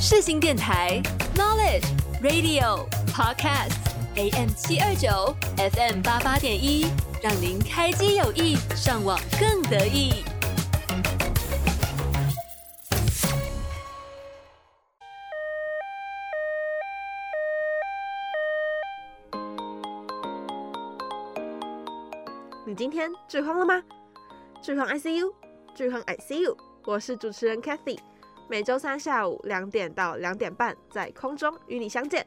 世新電台 Knowledge Radio Podcast AM 七二九 FM 八八點一，讓您開機有益，上網更得意。你今天最慌了嗎？最慌 ICU，最慌 ICU，我是主持人 Kathy。每週三下午兩點到兩點半，在空中與你相見。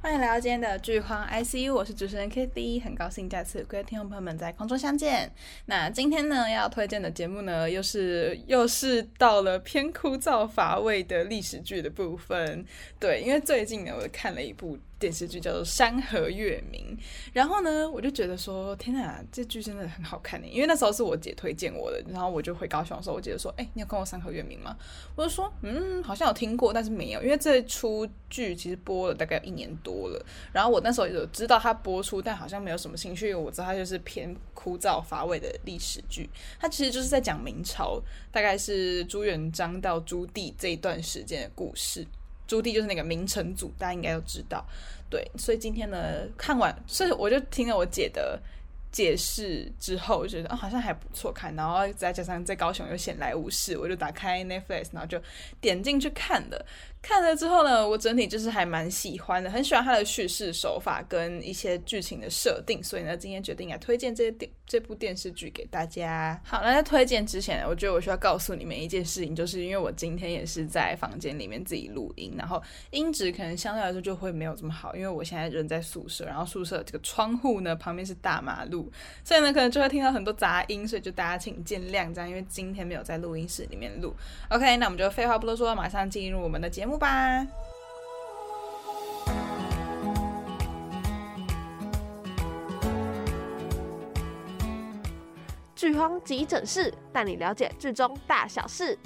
歡迎來到今天的劇荒 ICU，我是主持人 Kitty，很高興再次跟聽眾朋友們在空中相見。那今天呢，要推薦的節目呢，又是又是到了偏枯燥乏味的歷史劇的部分。對，因為最近呢，我看了一部。電視劇叫做《山河月明》，然後呢，我就覺得說，天哪，這劇真的很好看耶。因為那時候是我姐推薦我的，然後我就回高雄的時候，我姐說：“哎、欸，你有看過《山河月明》嗎？”我就說：“嗯，好像有聽過，但是沒有。”因為這齣劇其實播了大概一年多了。然後我那時候有知道它播出，但好像沒有什麼興趣。因為我知道它就是偏枯燥乏味的歷史劇。它其實就是在講明朝，大概是朱元璋到朱棣這一段時間的故事。朱棣就是那個明成祖，大家應該都知道。對，所以今天呢，看完，所以我就聽了我姐的解釋之後，我覺得，哦，好像還不錯看，然後再加上在高雄又閒來無事，我就打開 Netflix，然後就點進去看的。看了之後呢，我整體就是還蠻喜歡的，很喜歡它的敘事手法跟一些劇情的設定，所以呢，今天決定來推薦這電這部電視劇給大家。好，那在推薦之前呢，我覺得我需要告訴你們一件事情，就是因為我今天也是在房間裡面自己錄音，然後音質可能相對來說就會沒有這麼好，因為我現在人在宿舍，然後宿舍這個窗戶呢，旁邊是大馬路，所以呢，可能就會聽到很多雜音，所以就大家請見諒這樣，因為今天沒有在錄音室裡面錄。OK，那我們就廢話不多說，馬上進入我們的節目。吧。劇荒急診室帶你了解劇中大小事。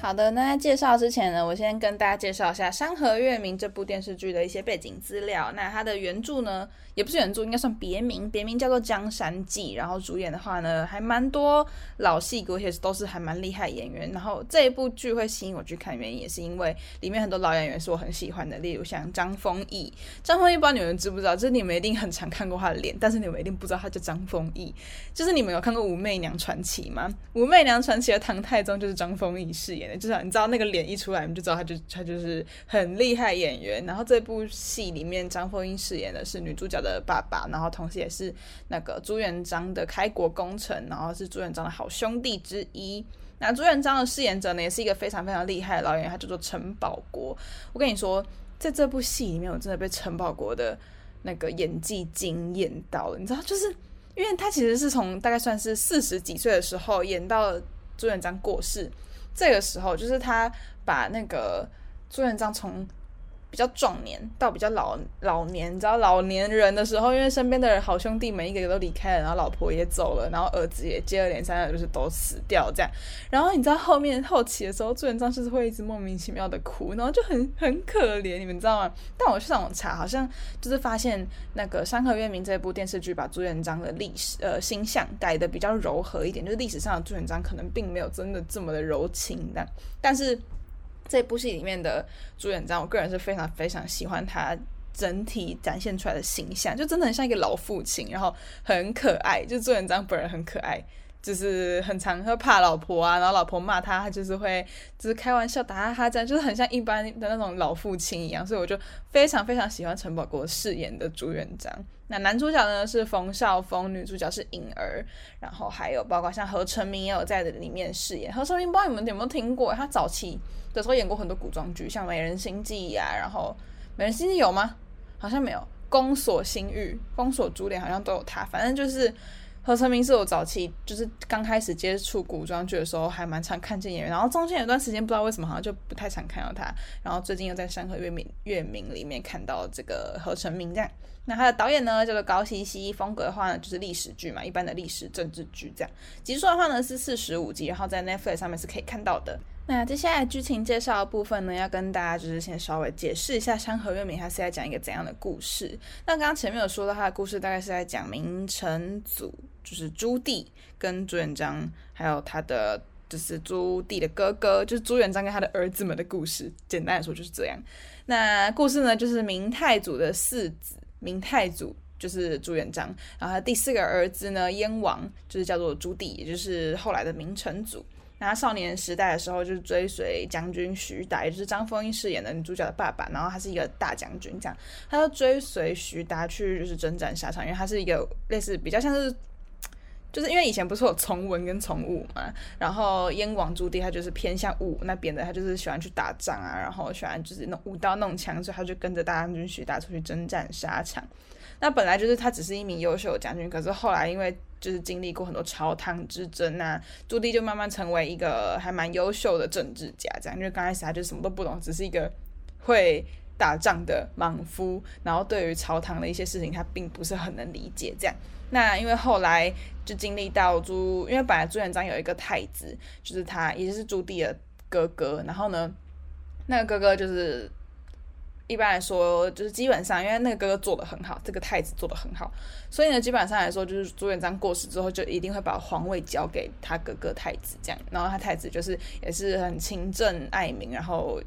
好的，那在介紹之前呢，我先跟大家介紹一下《山河月明》這部電視劇的一些背景資料。那它的原著呢，也不是原著，應該算別名，別名叫做《江山記》。然後主演的話呢，還蠻多老戲骨，也是都是還蠻厲害演員。然後這一部劇會吸引我去看的原因也是因為裡面很多老演員是我很喜歡的，例如像張豐毅。張豐毅不知道你們知不知道，就是你們一定很常看過他的臉，但是你們一定不知道他叫張豐毅。就是你們有看過《武媚娘傳奇》嗎？《武媚娘傳奇》的唐太宗就是張豐毅飾演。至少你知道那個臉一出來，你就知道他就他就是很厲害演員。然後這部戲裡面，張豐毅飾演的是女主角的爸爸，然後同時也是那個朱元璋的開國功臣，然後是朱元璋的好兄弟之一。那朱元璋的飾演者呢，也是一個非常非常厲害的老演員，他叫做陳寶國。我跟你說，在這部戲裡面，我真的被陳寶國的那個演技驚豔到了。你知道，就是因為他其實是從大概算是四十幾歲的時候演到朱元璋過世。這個時候，就是他把那個朱元璋從。比較壯年到比較老老年，你知道老年人的時候，因為身邊的好兄弟們一個個都離開了，然後老婆也走了，然後兒子也接二連三的，就是都死掉這樣。然後你知道後面後期的時候，朱元璋就是會一直莫名其妙的哭，然後就很很可憐，你們知道嗎？但我去上網查，好像就是發現那個《山河月明》這部電視劇把朱元璋的歷史呃形象改得比較柔和一點，就是歷史上的朱元璋可能並沒有真的這麼的柔情的，但是。這部戲裡面的朱元璋，我個人是非常非常喜歡他整體展現出來的形象，就真的很像一個老父親，然後很可愛，就朱元璋本人很可愛。就是很常會怕老婆啊，然後老婆罵他，他就是會就是開玩笑打哈哈這樣就是很像一般的那種老父親一樣，所以我就非常非常喜歡陳寶國飾演的朱元璋。那男主角呢是馮紹峰，女主角是穎兒，然後還有包括像何晟銘也有在裡面飾演。何晟銘不知道你們有沒有聽過，他早期的時候演過很多古裝劇，像《美人心計》啊，然後《美人心計》有嗎？好像沒有，公所《宮鎖心玉》《宮鎖珠簾》好像都有他，反正就是。何晟銘是我早期就是剛開始接觸古裝劇的時候還蠻常看見演員，然後中間有段時間不知道為什麼好像就不太常看到他，然後最近又在《山河月明》月明裡面看到這個何晟銘這樣，那他的導演呢叫做、就是、高希希，風格的話呢就是歷史劇嘛，一般的歷史政治劇這樣，集數的話呢是四十五集，然後在 Netflix 上面是可以看到的。那接下來劇情介紹的部分呢，要跟大家就是先稍微解釋一下《山河月明》它是在講一個怎樣的故事。那剛剛前面有說到它的故事，大概是在講明成祖，就是朱棣跟朱元璋，還有他的就是朱棣的哥哥，就是朱元璋跟他的兒子們的故事。簡單來說就是這樣。那故事呢，就是明太祖的四子，明太祖就是朱元璋，然後他第四個兒子呢，燕王就是叫做朱棣，也就是後來的明成祖。然後少年時代的時候，就是追隨將軍徐達，也就是張豐毅飾演的女主角的爸爸。然後他是一個大將軍，這樣，他就追隨徐達去就是征戰沙場，因為他是一個類似比較像是，就是因為以前不是有從文跟從武嘛，然後燕王朱棣他就是偏向武那邊的，他就是喜歡去打仗啊，然後喜歡就是弄舞刀弄槍，所以他就跟着大將軍徐達出去征戰沙場。那本來就是他只是一名優秀的將軍，可是後來因為就是經歷過很多朝堂之爭吶、啊，朱棣就慢慢成為一個還蠻優秀的政治家，這樣。因為剛開始他就什麼都不懂，只是一個會打仗的莽夫，然後對於朝堂的一些事情他並不是很能理解，這樣。那因為後來就經歷到朱，因為本來朱元璋有一個太子，就是他，也就是朱棣的哥哥，然後呢，那個哥哥就是。一般來說，就是基本上，因為那個哥哥做得很好，這個太子做得很好，所以呢，基本上來說，就是朱元璋過世之後，就一定會把皇位交給他哥哥太子，這樣。然後他太子就是也是很勤政愛民，然後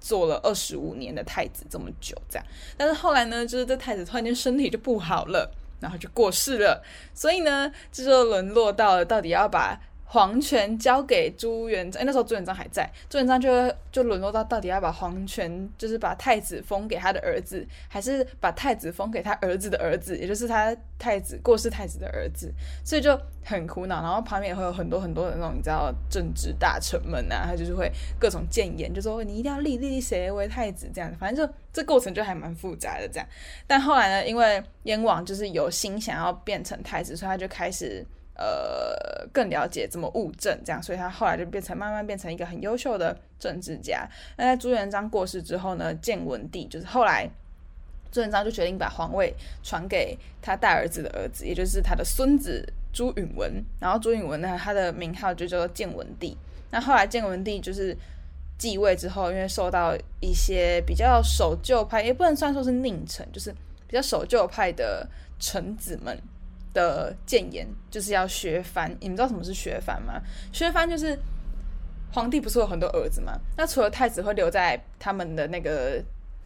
做了二十五年的太子這麼久，這樣。但是後來呢，就是這太子突然間身體就不好了，然後就過世了，所以呢，這就淪落到了到底要把。皇權交給朱元璋，欸，那時候朱元璋還在，朱元璋就就淪落到到底要把皇權，就是把太子封給他的兒子，還是把太子封給他兒子的兒子，也就是他太子，過世太子的兒子，所以就很苦惱。然後旁邊也會有很多很多的那種你知道政治大臣們啊，他就是會各種諫言，就說你一定要立立誰為太子這樣子，反正就這過程就還蠻複雜的這樣。但後來呢，因為燕王就是有心想要變成太子，所以他就開始。呃，更了解怎麼務政，這樣，所以他後來就變成慢慢變成一個很優秀的政治家。那在朱元璋過世之後呢，建文帝就是後來朱元璋就決定把皇位傳給他大兒子的兒子，也就是他的孫子朱允炆。然後朱允炆呢，他的名號就叫做建文帝。那後來建文帝就是繼位之後，因為受到一些比較守舊派，也不能算說是佞臣，就是比較守舊派的臣子們。的諫言就是要削藩。你們知道什麼是削藩嗎？削藩就是皇帝不是有很多兒子嗎？那除了太子會留在他們的那個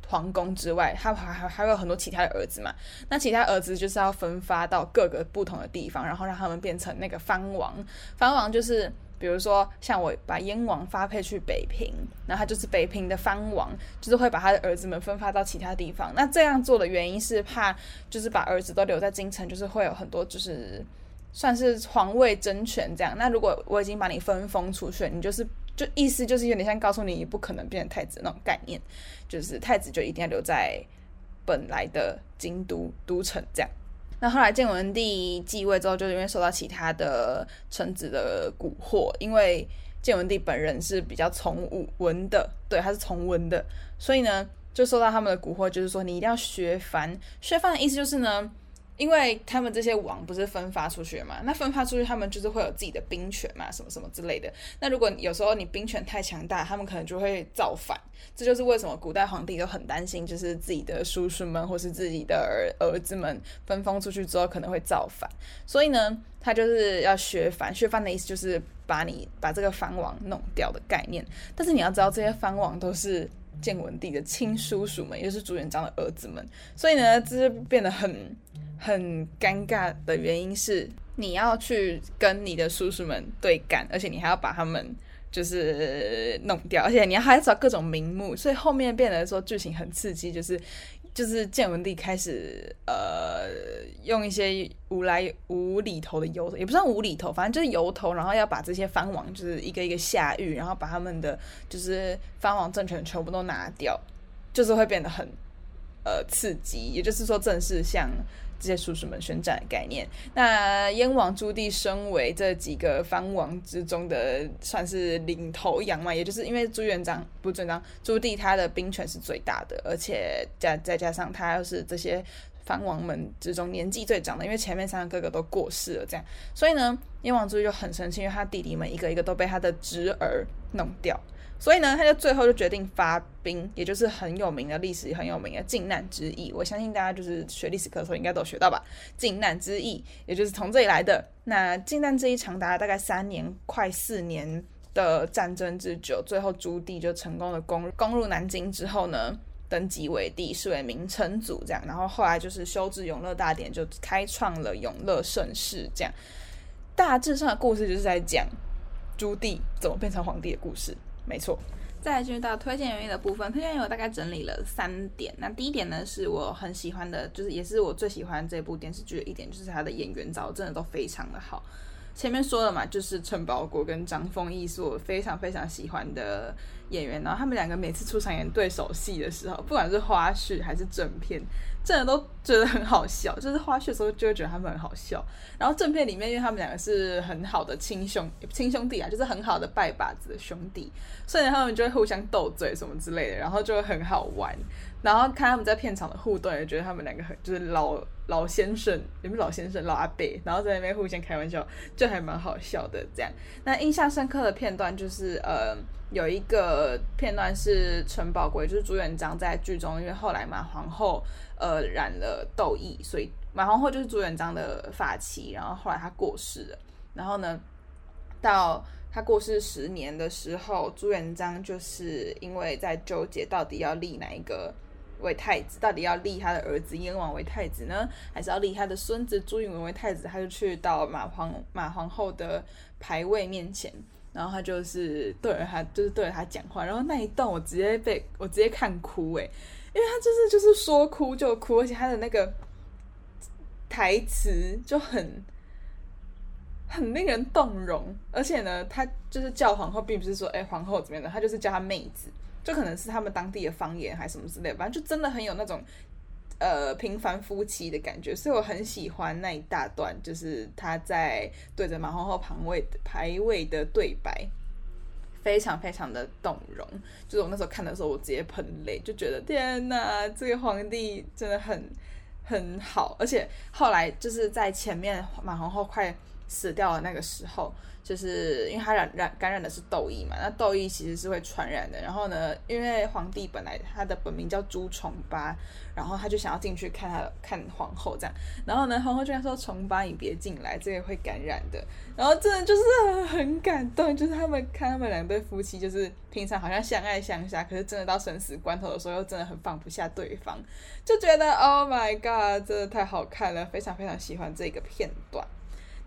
皇宮之外，他還還還有很多其他的兒子嘛。那其他兒子就是要分發到各個不同的地方，然後讓他們變成那個藩王。藩王就是。比如說，像我把燕王發配去北平，然後他就是北平的藩王，就是會把他的兒子們分發到其他地方。那這樣做的原因是怕，就是把兒子都留在京城，就是會有很多就是算是皇位爭權這樣。那如果我已經把你分封出去，你就是就意思就是有點像告訴你你不可能變成太子的那種概念，就是太子就一定要留在本來的京都都城這樣。那後來，建文帝繼位之後，就因為受到其他的臣子的蠱惑，因為建文帝本人是比較崇武文的，對，他是崇文的，所以呢，就受到他們的蠱惑，就是說，你一定要削藩。削藩的意思就是呢。因為他們這些王不是分發出去嘛，那分發出去，他們就是會有自己的兵權嘛，什麼什麼之類的。那如果有時候你兵權太強大，他們可能就會造反。這就是為什麼古代皇帝都很擔心，就是自己的叔叔們或是自己的兒子們分封出去之後可能會造反。所以呢，他就是要削藩。削藩的意思就是把你把這個藩王弄掉的概念。但是你要知道，這些藩王都是。建文帝的親叔叔們，也就是朱元璋的兒子們，所以呢，這就變得很很尷尬的原因是，你要去跟你的叔叔們對幹，而且你還要把他們就是弄掉，而且你要還要找各種名目，所以後面變得說劇情很刺激，就是。就是建文帝開始，呃，用一些無來無厘頭的由頭，也不算無厘頭，反正就是由頭，然後要把這些藩王就是一個一個下獄，然後把他們的就是藩王政權全部都拿掉，就是會變得很，呃，刺激，也就是說，正式像。這些叔叔們宣戰的概念。那燕王朱棣身為這幾個藩王之中的算是領頭羊嘛，也就是因為朱元璋，不是朱元璋，朱棣他的兵權是最大的，而且再再，加上他又是這些藩王們之中年紀最長的，因為前面三個哥哥都過世了，這樣，所以呢，燕王朱棣就很生氣，因為他弟弟們一個一個都被他的侄兒弄掉。所以呢，他就最後就決定發兵，也就是很有名的歷史，很有名的靖難之役。我相信大家就是學歷史課的時候應該都學到吧？靖難之役，也就是從這裡來的。那靖難之役長達了大概三年，快四年的戰爭之久，最後朱棣就成功的攻攻入南京之後呢，登基為帝，是為明成祖。這樣，然後後來就是修治永樂大典，就開創了永樂盛世。這樣，大致上的故事就是在講朱棣怎麼變成皇帝的故事。沒錯，再來進入到推薦原因的部分，推薦原因我大概整理了三點。那第一點呢，是我很喜歡的，就是也是我最喜歡的這部電視劇的一點，就是他的演員找的真的都非常的好。前面說了嘛，就是陳寶國跟張豐毅是我非常非常喜歡的演員，然後他們兩個每次出場演對手戲的時候，不管是花絮還是正片。真的都覺得很好笑，就是花絮的時候就會覺得他們很好笑。然後正片裡面，因為他們兩個是很好的親兄親兄弟啊，就是很好的拜把子的兄弟，所以他們就會互相鬥嘴什麼之類的，然後就會很好玩。然後看他們在片場的互動，也覺得他們兩個很就是老老先生，也不是老先生，老阿伯，然後在那邊互相開玩笑，就還蠻好笑的這樣。那印象深刻的片段就是呃，有一個片段是陳寶國，就是朱元璋在劇中，因為後來馬皇后呃染了痘疫，所以馬皇後就是朱元璋的髮妻，然後後來她過世了，然後呢，到她過世十年的時候，朱元璋就是因為在糾結到底要立哪一個。為太子，到底要立他的兒子燕王為太子呢？還是要立他的孫子朱允炆為太子？他就去到馬皇馬皇後的牌位面前，然後他就是對着他，就是對着他講話。然後那一段我直接被我直接看哭誒。因為他就是就是說哭就哭，而且他的那個台詞就很很令人動容。而且呢，他就是叫皇後，並不是說哎、欸、皇后怎麼樣的，他就是叫他妹子。就可能是他們當地的方言，還是什麼之類的，反正就真的很有那種，呃，平凡夫妻的感覺，所以我很喜歡那一大段，就是他在對着馬皇后排位牌位的對白，非常非常的動容。就是我那時候看的時候，我直接噴淚，就覺得天哪、啊，這個皇帝真的很很好，而且後來就是在前面馬皇后快。死掉的那個時候，就是因為他染染感染的是痘疫嘛，那痘疫其實是會傳染的。然後呢，因為皇帝本來他的本名叫朱重八，然後他就想要進去看他看皇後這樣。然後呢，皇后居然說：“重八，你別進來，這個會感染的。”然後真的就是、呃、很感動，就是他們看他們兩對夫妻，就是平常好像相愛相殺，可是真的到生死關頭的時候，又真的很放不下對方，就覺得 “Oh my God！” 真的太好看了，非常非常喜歡這個片段。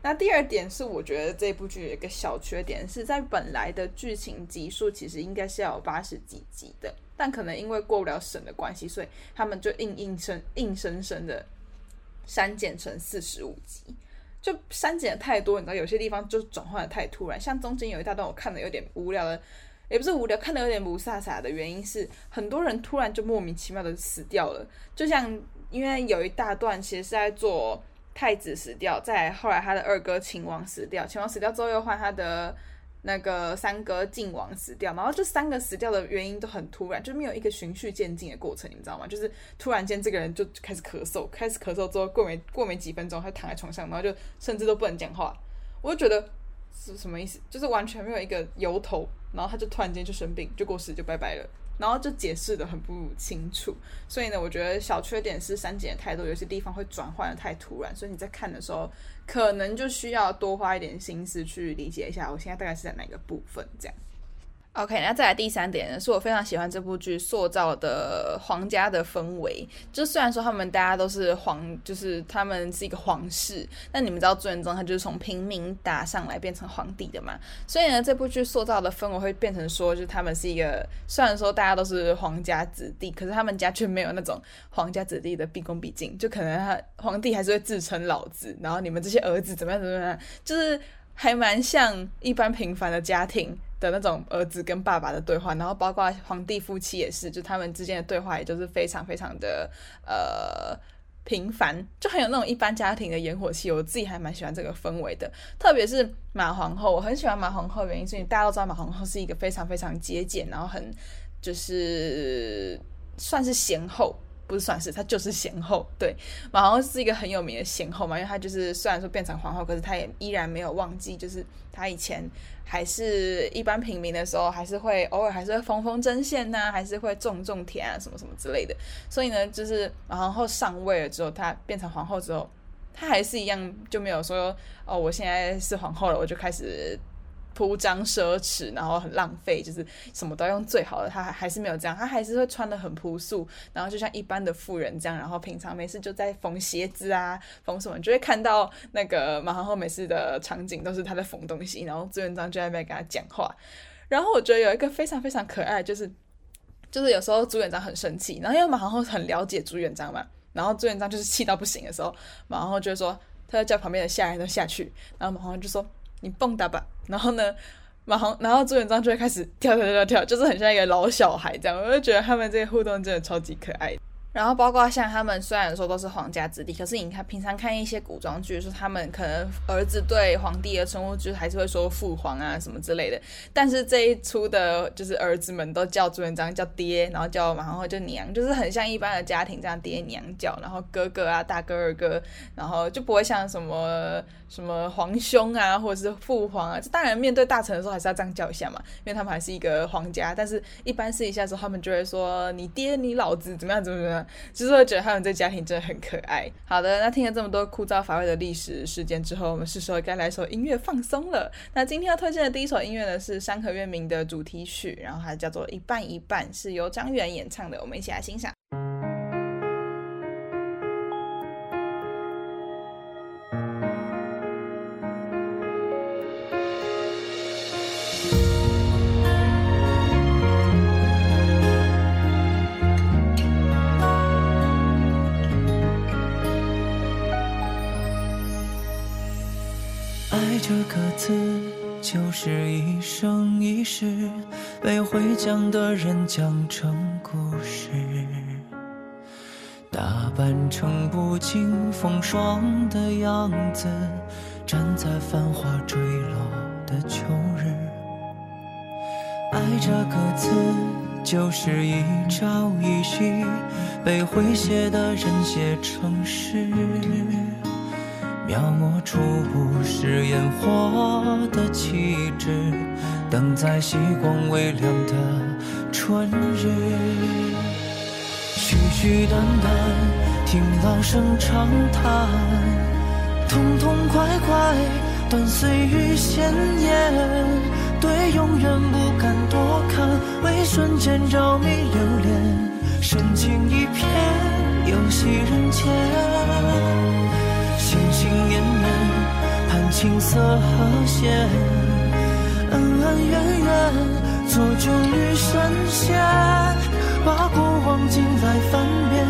那第二點是，我覺得這部劇有一個小缺點，是在本來的劇情集數其實應該是要有八十幾集的，但可能因為過不了審的關係，所以他們就硬硬生硬生生的刪減成四十五集，就刪減得太多，你知道有些地方就轉換得太突然，像中間有一大段我看的有點無聊的，也不是無聊，看的有點霧煞煞的原因是很多人突然就莫名其妙的死掉了，就像因為有一大段其實是在做，太子死掉，再後來他的二哥秦王死掉，秦王死掉之後又換他的那個三哥晉王死掉，然後這三個死掉的原因都很突然，就沒有一個循序漸進的過程，你們知道嗎？就是突然間這個人就開始咳嗽，開始咳嗽之後過沒過沒幾分鐘，他躺在床上，然後就甚至都不能講話，我就覺得是什麼意思？就是完全沒有一個由頭，然後他就突然間就生病就過世就拜拜了。然後就解釋的很不清楚，所以呢，我覺得小缺點是刪減得太多，有些地方會轉換的太突然，所以你在看的時候，可能就需要多花一點心思去理解一下，我現在大概是在哪個部分這樣。OK，那再來第三點呢，是我非常喜歡這部劇塑造的皇家的氛圍。就雖然說他們大家都是皇，就是他們是一個皇室，但你們知道朱元璋他就是從平民打上來變成皇帝的嘛。所以呢，這部劇塑造的氛圍會變成說，就是他們是一個雖然說大家都是皇家子弟，可是他們家卻沒有那種皇家子弟的畢恭畢敬，就可能他皇帝還是會自稱老子，然後你們這些兒子怎麼樣怎麼樣、怎麼樣，就是還蠻像一般平凡的家庭的那種兒子跟爸爸的對話，然後包括皇帝夫妻也是，就他們之間的對話，也就是非常非常的呃平凡，就很有那種一般家庭的煙火氣。我自己還蠻喜歡這個氛圍的，特別是馬皇後，我很喜歡馬皇後的原因是因為大家都知道馬皇後是一個非常非常節儉，然後很就是算是賢後。不是算是，她就是賢後。對，然後是一個很有名的賢後嘛，因為她就是雖然說變成皇後，可是她也依然沒有忘記，就是她以前還是一般平民的時候，還是會偶爾還是會縫縫針線呐、啊，還是會種種田啊，什麼什麼之類的。所以呢，就是然後上位了之後，她變成皇後之後，她還是一樣就沒有說，哦，我現在是皇後了，我就開始。鋪張奢侈，然後很浪費，就是什麼都要用最好的。他還還是沒有這樣，他還是會穿的很樸素，然後就像一般的婦人這樣。然後平常沒事就在縫鞋子啊，縫什麼，就會看到那個馬皇后每次的場景都是她在縫東西，然後朱元璋就在那邊跟他講話。然後我覺得有一個非常非常可愛，就是就是有時候朱元璋很生氣，然後因為馬皇後很了解朱元璋嘛，然後朱元璋就是氣到不行的時候，馬皇後就說，她叫旁邊的下人都下去，然後馬皇後就說：“你蹦躂吧。”然後呢，馬皇，然後朱元璋就會開始跳跳跳跳，就是很像一個老小孩這樣，我就覺得他們這些互動真的超級可愛。然後包括像他們，雖然說都是皇家子弟，可是你看平常看一些古裝劇，說他們可能兒子對皇帝的稱呼就還是會說父皇啊什麼之類的，但是這一出的就是兒子們都叫朱元璋叫爹，然後叫馬皇後就娘，就是很像一般的家庭這樣爹娘叫，然後哥哥啊大哥二哥，然後就不會像什麼。什麼皇兄啊，或者是父皇啊，這當然面對大臣的時候還是要這樣叫一下嘛，因為他們還是一個皇家。但是一般私底下的時候，他們就會說你爹、你老子怎麼樣、怎麼怎麼樣，就是會覺得他們這家庭真的很可愛。好的，那聽了這麼多枯燥乏味的歷史事件之後，我們是時候該來一首音樂放鬆了。那今天要推薦的第一首音樂呢，是《山河月明》的主題曲，然後它叫做一半一半，是由張遠演唱的，我們一起來欣賞。字就是一生一世，被會講的人講成故事，打扮成不經風霜的樣子，站在繁華墜落的秋日。愛這個字就是一朝一夕，被會寫的人寫成詩。描摹出不食煙火的氣質，等在曦光微亮的春日，曲曲短短，聽老生常談，痛痛快快斷歲月鮮豔，對永遠不敢多看，唯瞬間着迷流連，深情一片遊戲人間。琴瑟和弦，恩恩怨怨，佐酒與神仙，把過往盡來翻遍。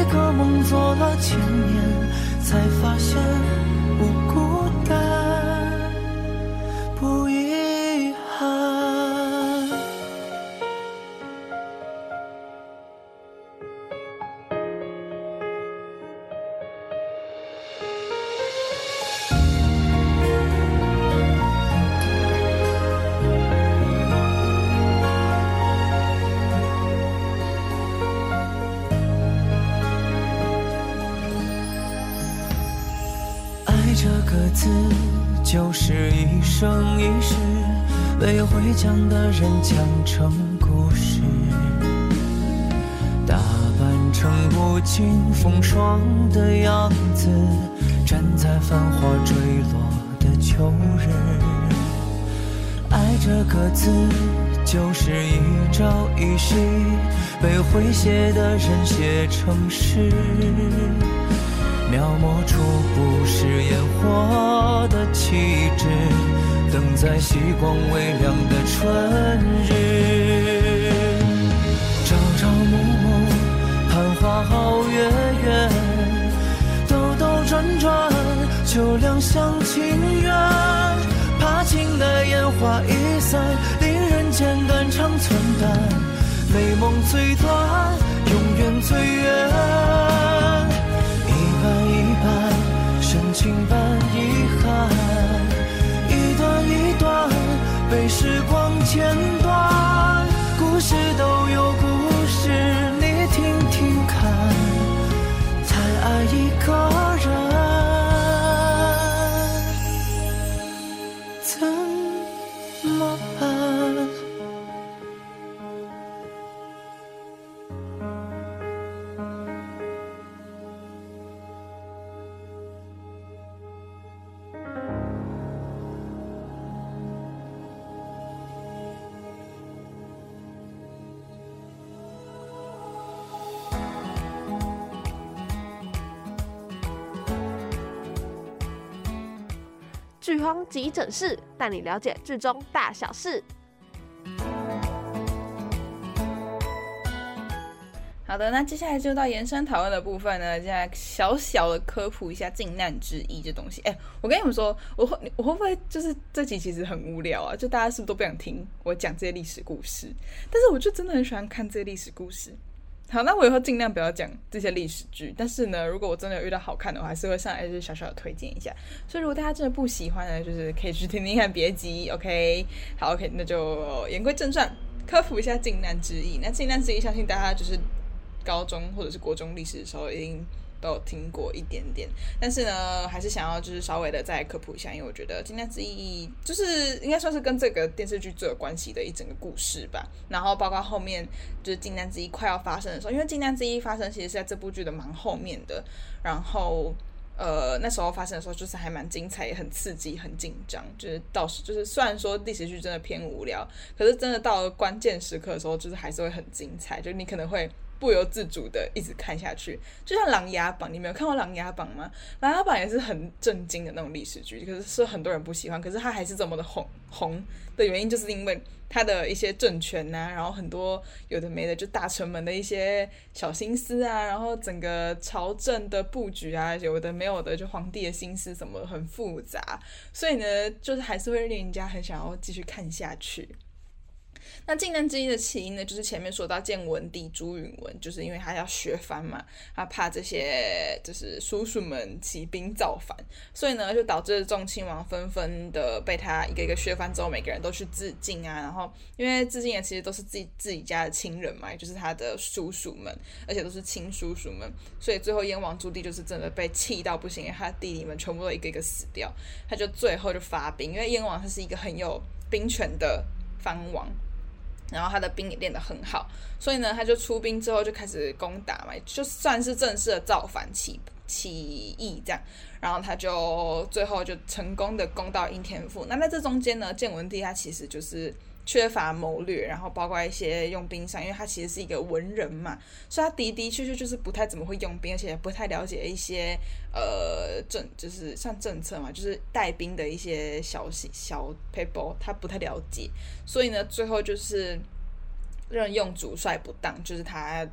一個夢做了千年，才發現。個字就是一生一世，被會講的人講成故事。打扮成不經風霜的樣子，站在繁華墜落的秋日。愛這個字就是一朝一夕，被會寫的人寫成詩。描摹出不食煙火的氣質，等在西光微涼的春日。朝朝暮暮盼花好月圓，兜兜轉轉就兩廂情願，怕情的煙花易散，令人間肝腸寸斷。美夢最短。平凡遺憾，一段一段被時光牽。劇荒急診室帶你了解劇中大小事。好的，那接下來就到延伸討論的部分呢。接下來小小的科普一下靖難之役這東西。哎、欸，我跟你們說，我會我會不會就是這集其實很無聊啊？就大家是不是都不想聽我講這些歷史故事？但是我就真的很喜歡看這些歷史故事。好，那我以後儘量不要講這些歷史劇。但是呢，如果我真的有遇到好看的話，我還是會上來就是小小的推薦一下。所以如果大家真的不喜歡呢，就是可以去聽聽看，別急，OK？好，OK，那就言歸正傳，科普一下靖難之役。那靖難之役，相信大家就是高中或者是國中歷史的時候已經，有聽過一點點，但是呢，還是想要就是稍微的再科普一下，因為我覺得靖難之役就是應該算是跟這個電視劇最有關係的一整個故事吧。然後包括後面就是靖難之役快要發生的時候，因為靖難之役發生其實是在這部劇的蠻後面的。然後呃，那時候發生的時候就是還蠻精彩，也很刺激，很緊張。就是到時就是雖然說歷史劇真的偏無聊，可是真的到了關鍵時刻的時候，就是還是會很精彩。就你可能會。不由自主的一直看下去，就像《琅琊榜》，你沒有看過《琅琊榜》嗎？《琅琊榜》也是很震驚的那種歷史劇，可是是很多人不喜歡，可是它還是這麼的紅紅的原因，就是因為它的一些政權吶、啊，然後很多有的沒的，就大臣們的一些小心思啊，然後整個朝政的佈局啊，有的沒有的，就皇帝的心思什麼的很複雜，所以呢，就是還是會令人家很想要繼續看下去。那靖難之役的起因呢，就是前面說到建文帝朱允炆，就是因為他要削藩嘛，他怕這些就是叔叔們起兵造反，所以呢，就導致眾親王紛紛的被他一個一個削藩之後，每個人都去自盡啊。然後因為自盡也其實都是自己自己家的親人嘛，就是他的叔叔們，而且都是親叔叔們，所以最後燕王朱棣就是真的被氣到不行，他的弟弟們全部都一個一個死掉，他就最後就發兵，因為燕王他是一個很有兵權的藩王。然後他的兵也練得很好，所以呢，他就出兵之後就開始攻打嘛，就算是正式的造反起起義這樣。然後他就最後就成功的攻到應天府。那在這中間呢，建文帝他其實就是。缺乏謀略，然後包括一些用兵上，因為他其實是一個文人嘛，所以他的的確確就是不太怎麼會用兵，而且不太了解一些呃政，就是像政策嘛，就是帶兵的一些小細小 people 他不太了解，所以呢，最後就是任用主帥不當，就是他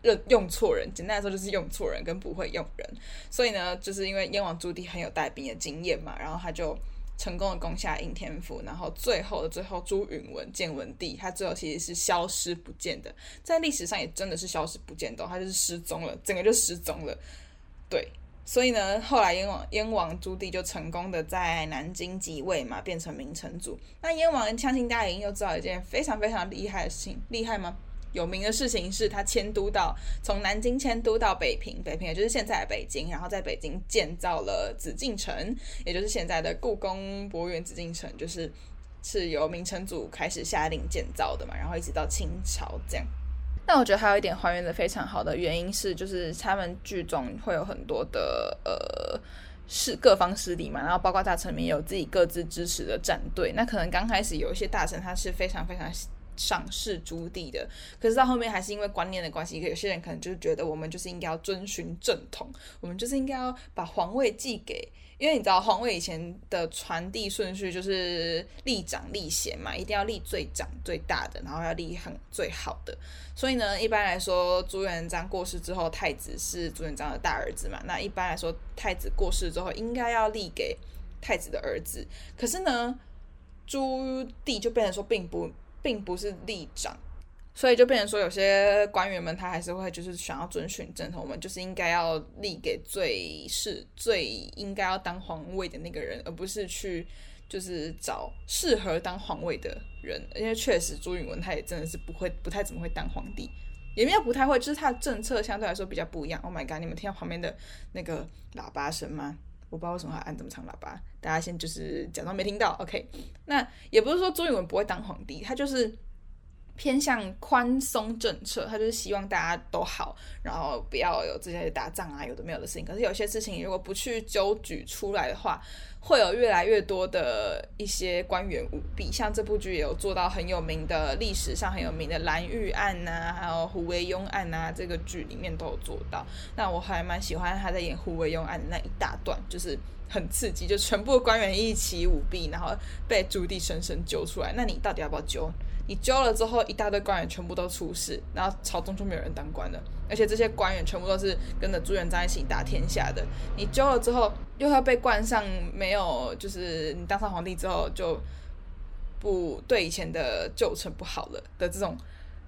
任用錯人，簡單來說就是用錯人跟不會用人，所以呢，就是因為燕王朱棣很有帶兵的經驗嘛，然後他就。成功的攻下應天府，然後最後的最後，朱允炆、建文帝，他最後其實是消失不見的，在歷史上也真的是消失不見的，他就是失蹤了，整個就失蹤了。對，所以呢，後來燕王燕王朱棣就成功的在南京即位嘛，變成明成祖。那燕王江青大營又知道一件非常非常厲害的事情，厲害嗎？有名的事情是他遷都到，從南京遷都到北平，北平也就是現在的北京，然後在北京建造了紫禁城，也就是現在的故宮博物院。紫禁城就是是由明成祖開始下令建造的嘛，然後一直到清朝這樣。那我覺得還有一點還原的非常好的原因是，就是他們劇中會有很多的呃是各方勢力嘛，然後包括大臣們也有自己各自支持的戰隊。那可能剛開始有一些大臣他是非常非常。賞識朱棣的，可是到後面還是因為觀念的關係，有些人可能就是覺得我們就是應該要遵循正統，我們就是應該要把皇位繼給，因為你知道皇位以前的傳遞順序就是立長立賢嘛，一定要立最長最大的，然後要立很最好的，所以呢，一般來說朱元璋過世之後，太子是朱元璋的大兒子嘛，那一般來說太子過世之後應該要立給太子的兒子，可是呢，朱棣就變成說並不。並不是立長，所以就變成說，有些官員們他還是會就是想要遵循正統，我們就是應該要立給最適、最應該要當皇位的那個人，而不是去就是找適合當皇位的人。因為確實朱允炆他也真的是不會、不太怎麼會當皇帝，也沒有不太會，就是他的政策相對來說比較不一樣。Oh my god！你們聽到旁邊的那個喇叭聲嗎？我不知道為什麼他按這麼長喇叭。大家先就是假裝沒聽到，OK。那也不是說朱允炆不會當皇帝，他就是偏向寬鬆政策，他就是希望大家都好，然後不要有這些打仗啊、有的沒有的事情。可是有些事情如果不去糾舉出來的話，會有越來越多的一些官員舞弊。像這部劇也有做到很有名的歷史上很有名的藍玉案啊，還有胡惟庸案啊，這個劇裡面都有做到。那我還蠻喜歡他在演胡惟庸案的那一大段，就是。很刺激，就全部的官員一起舞弊，然後被朱棣深深揪出來。那你到底要不要揪？你揪了之後，一大堆官員全部都出事，然後朝中就沒有人當官了。而且這些官員全部都是跟着朱元璋一起打天下的。你揪了之後，又要被冠上沒有，就是你當上皇帝之後就不對以前的舊臣不好了的這種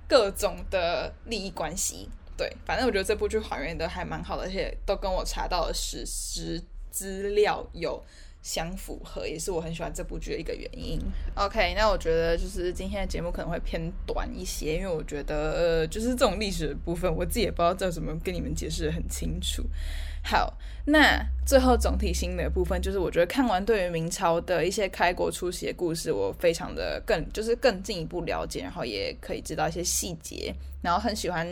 各種的利益關係。嗯、對，反正我覺得這部劇還原的還蠻好的，而且都跟我查到了史實。資料有相符合，也是我很喜歡這部劇的一個原因。OK，那我覺得就是今天的節目可能會偏短一些，因為我覺得呃，就是這種歷史的部分，我自己也不知道這怎麼跟你們解釋的很清楚。好，那最後總體性的部分，就是我覺得看完對於明朝的一些開國初期的故事，我非常的更，就是更進一步了解，然後也可以知道一些細節，然後很喜歡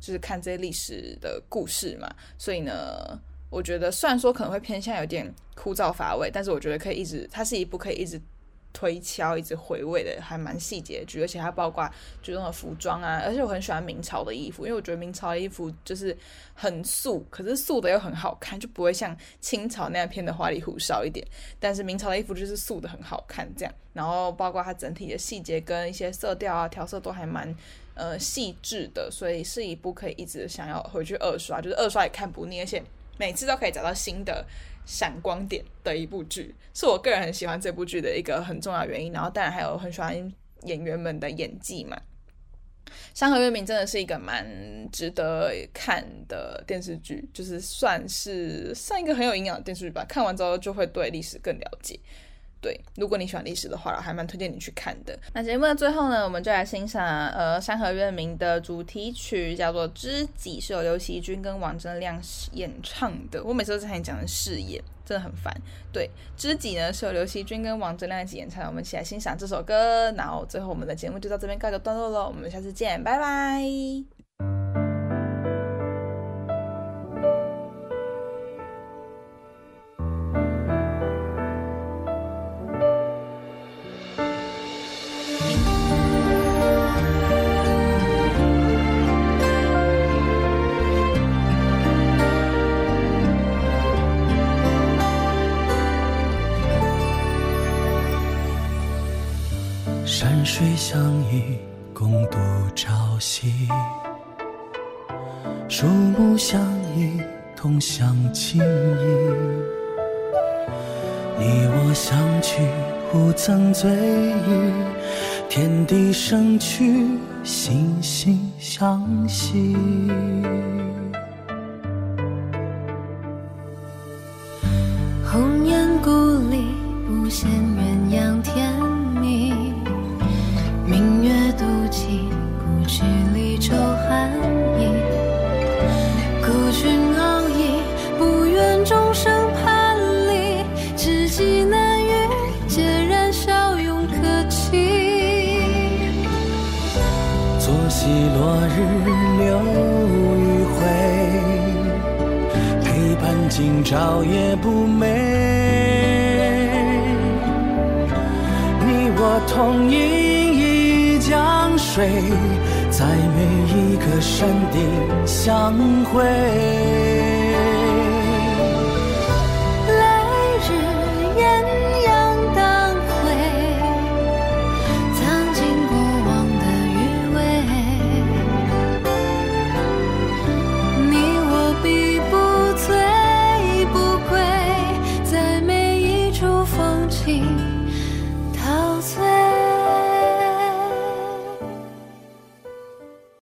就是看這些歷史的故事嘛，所以呢。我覺得雖然說可能會偏向有點枯燥乏味，但是我覺得可以一直，它是一部可以一直推敲、一直回味的，還蠻細節的劇，而且它包括劇中的服裝啊，而且我很喜歡明朝的衣服，因為我覺得明朝的衣服就是很素，可是素的又很好看，就不會像清朝那樣偏的花裡胡哨一點。但是明朝的衣服就是素的很好看，這樣，然後包括它整體的細節跟一些色調啊、調色都還蠻呃細緻的，所以是一部可以一直想要回去二刷，就是二刷也看不膩，而且。每次都可以找到新的閃光點的一部劇，是我個人很喜歡這部劇的一個很重要原因。然後當然還有很喜歡演員們的演技嘛，《山河月明》真的是一個蠻值得看的電視劇，就是算是算一個很有營養的電視劇吧。看完之後就會對歷史更了解。對，如果你喜歡歷史的話，還蠻推薦你去看的。那節目的最後呢，我們就來欣賞呃《山河月明》的主題曲，叫做《知己》，是由劉惜君跟王錚亮演唱的。我每次都是跟你講的飾演，真的很煩。對，《知己》呢是由劉惜君跟王錚亮的一起演唱，我們一起來欣賞這首歌。然後最後，我們的節目就到這邊告一個段落了，我們下次見，拜拜。水相依，共度朝夕；樹木相依，同享清逸。你我相聚，互贈醉意；天地生趣，惺惺相惜。終生叛逆知己難遇，孑然笑，勇可期。昨夕落日留餘暉，陪伴今朝也不美。你我同飲一江水，在每一個山頂相會。